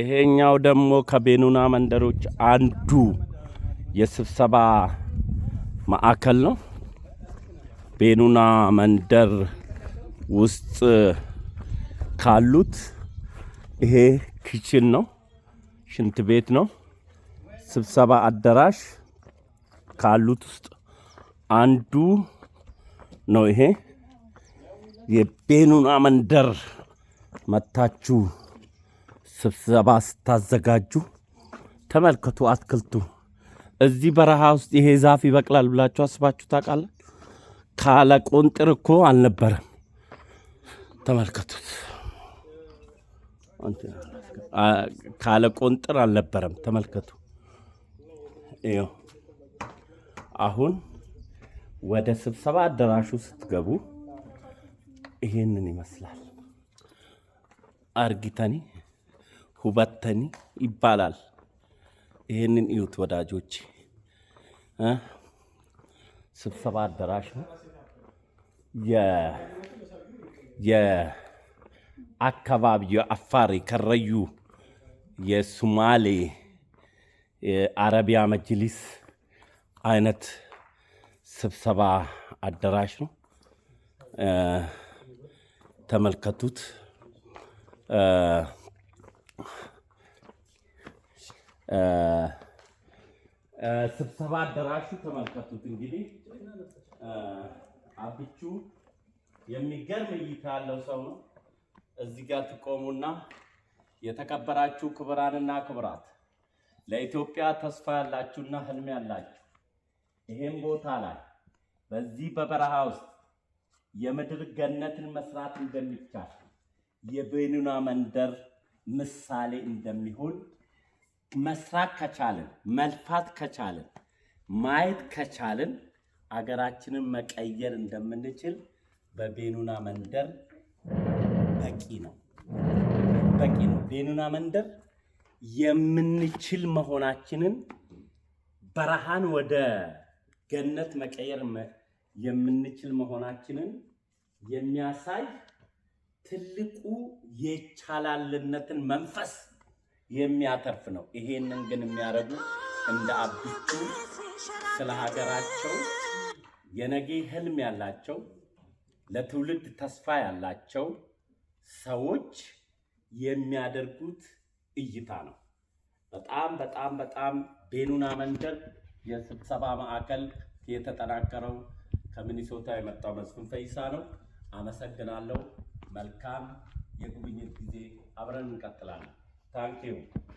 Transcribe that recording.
ይሄኛው ደግሞ ከቤኑና መንደሮች አንዱ የስብሰባ ማዕከል ነው። ቤኑና መንደር ውስጥ ካሉት ይሄ ኪችን ነው፣ ሽንት ቤት ነው። ስብሰባ አዳራሽ ካሉት ውስጥ አንዱ ነው። ይሄ የቤኑና መንደር መታችሁ ስብሰባ ስታዘጋጁ ተመልከቱ። አትክልቱ እዚህ በረሃ ውስጥ ይሄ ዛፍ ይበቅላል ብላችሁ አስባችሁ ታውቃላችሁ? ካለ ቁንጥር እኮ አልነበረም። ተመልከቱት። ካለ ቁንጥር አልነበረም። ተመልከቱ። ይኸው አሁን ወደ ስብሰባ አዳራሹ ስትገቡ ይሄንን ይመስላል። አርጊተኔ ሁበተኒ ይባላል። ይህንን እዩት ወዳጆች፣ ስብሰባ አዳራሽ ነው። የአካባቢ የአፋር የከረዩ የሱማሌ የአረቢያ መጅሊስ አይነት ስብሰባ አዳራሽ ነው። ተመልከቱት። ስብሰባ አዳራሹ ተመልከቱት። እንግዲህ አብቹ የሚገርም እይታ ያለው ሰው ነው። እዚህ ጋር ትቆሙና የተከበራችሁ ክብራንና ክብራት ለኢትዮጵያ ተስፋ ያላችሁና ህልም ያላችሁ ይሄም ቦታ ላይ በዚህ በበረሃ ውስጥ የምድር ገነትን መስራት እንደሚቻል የቤኑና መንደር ምሳሌ እንደሚሆን መስራት ከቻልን፣ መልፋት ከቻልን፣ ማየት ከቻልን አገራችንን መቀየር እንደምንችል በቤኑና መንደር በቂ ነው በቂ ነው። ቤኑና መንደር የምንችል መሆናችንን በረሃን ወደ ገነት መቀየር የምንችል መሆናችንን የሚያሳይ ትልቁ የቻላልነትን መንፈስ የሚያተርፍ ነው። ይሄንን ግን የሚያደርጉ እንደ አብቹ ስለ ሀገራቸው የነገ ህልም ያላቸው ለትውልድ ተስፋ ያላቸው ሰዎች የሚያደርጉት እይታ ነው። በጣም በጣም በጣም ቤኑና መንደር የስብሰባ ማዕከል የተጠናከረው ከሚኒሶታ የመጣው መስፍን ፈይሳ ነው። አመሰግናለሁ። መልካም የጉብኝት ጊዜ። አብረን እንቀጥላለን። Thank you.